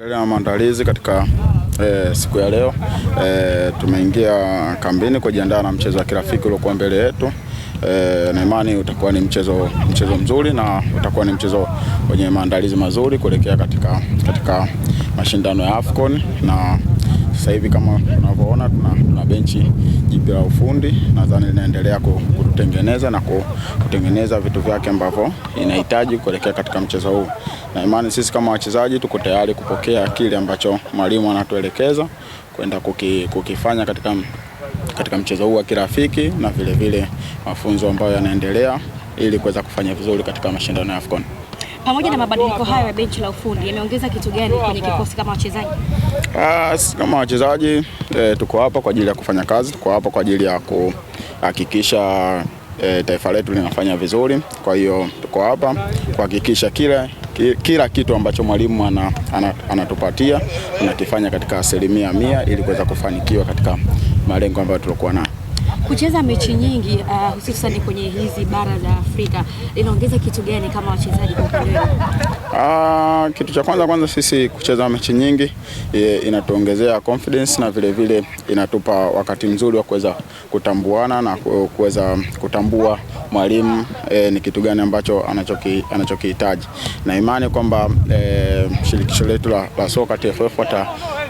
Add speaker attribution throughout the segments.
Speaker 1: Endelea na maandalizi katika e, siku ya leo e, tumeingia kambini kujiandaa na mchezo wa kirafiki uliokuwa mbele yetu e, na imani utakuwa ni mchezo, mchezo mzuri na utakuwa ni mchezo wenye maandalizi mazuri kuelekea katika, katika mashindano ya Afcon na sasa hivi kama tunavyoona tuna, tuna benchi jipya la ufundi, nadhani linaendelea kututengeneza na kutengeneza vitu vyake ambavyo inahitaji kuelekea katika mchezo huu, na imani sisi kama wachezaji tuko tayari kupokea kile ambacho mwalimu anatuelekeza kwenda kuki, kukifanya katika, katika mchezo huu wa kirafiki na vilevile mafunzo ambayo yanaendelea ili kuweza kufanya vizuri katika mashindano ya AFCON.
Speaker 2: Pamoja na mabadiliko hayo ya benchi la ufundi, yameongeza kitu gani kwenye kikosi kama wachezaji?
Speaker 1: Uh, kama wachezaji e, tuko hapa kwa ajili ya kufanya kazi, tuko hapa kwa ajili ya kuhakikisha e, taifa letu linafanya vizuri. Kwa hiyo tuko hapa kuhakikisha kila kila kitu ambacho mwalimu anatupatia ana, ana tunakifanya katika asilimia mia ili kuweza kufanikiwa katika malengo ambayo tulikuwa nayo
Speaker 2: kucheza mechi nyingi uh, hususan kwenye hizi bara za Afrika inaongeza kitu gani kama wachezaji kwa
Speaker 1: Uh, kitu cha kwanza kwanza sisi kucheza mechi nyingi inatuongezea confidence na vile vile inatupa wakati mzuri wa kuweza kutambuana na kuweza kutambua mwalimu eh, ni kitu gani ambacho anachoki, anachokihitaji na imani kwamba eh, shirikisho letu la, la soka TFF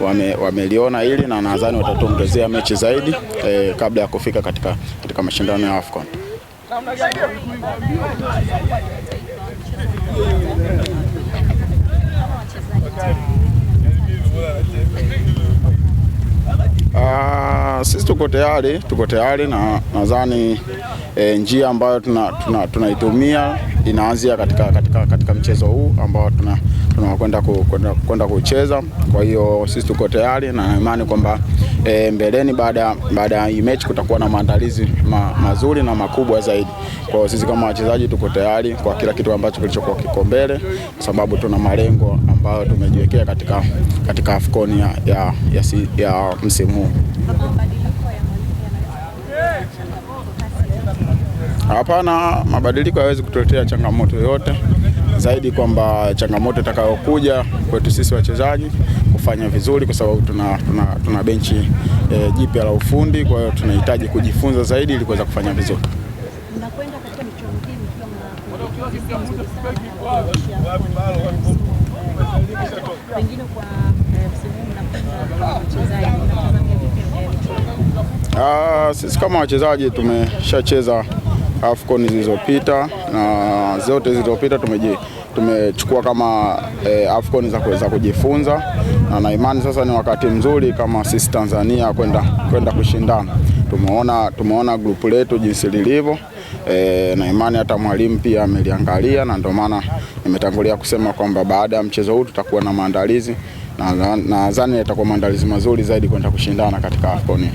Speaker 1: wame, wameliona hili na nadhani watatuongezea mechi zaidi e, kabla ya kufika katika, katika mashindano ya AFCON. Uh, sisi tuko tayari, tuko tayari na nadhani e, njia ambayo tunaitumia tuna, tuna inaanzia katika, katika, katika mchezo huu ambao tuna tunakwenda kwenda kucheza. Kwa hiyo sisi tuko tayari na imani kwamba e, mbeleni baada baada ya hii mechi kutakuwa na maandalizi ma, mazuri na makubwa zaidi. Kwa hiyo sisi kama wachezaji tuko tayari kwa kila kitu ambacho kilichokuwa kiko mbele, kwa sababu tuna malengo ambayo tumejiwekea katika, katika AFCON ya, ya, ya, ya msimu huu. Hapana, mabadiliko hayawezi kutuletea changamoto yoyote zaidi kwamba changamoto itakayokuja kwetu sisi wachezaji kufanya vizuri, kwa sababu tuna, tuna, tuna benchi e, jipya la ufundi. Kwa hiyo tunahitaji kujifunza zaidi ili kuweza kufanya vizuri. Uh, sisi kama wachezaji tumeshacheza AFCON zilizopita na zote zilizopita tumechukua kama e, AFCON za kuweza kujifunza, na na imani sasa ni wakati mzuri kama sisi Tanzania kwenda kwenda kushindana. Tumeona, tumeona grupu letu jinsi lilivyo e, na imani hata mwalimu pia ameliangalia, na ndio maana nimetangulia kusema kwamba baada ya mchezo huu tutakuwa na maandalizi, na nadhani yatakuwa maandalizi mazuri zaidi kwenda kushindana katika AFCON.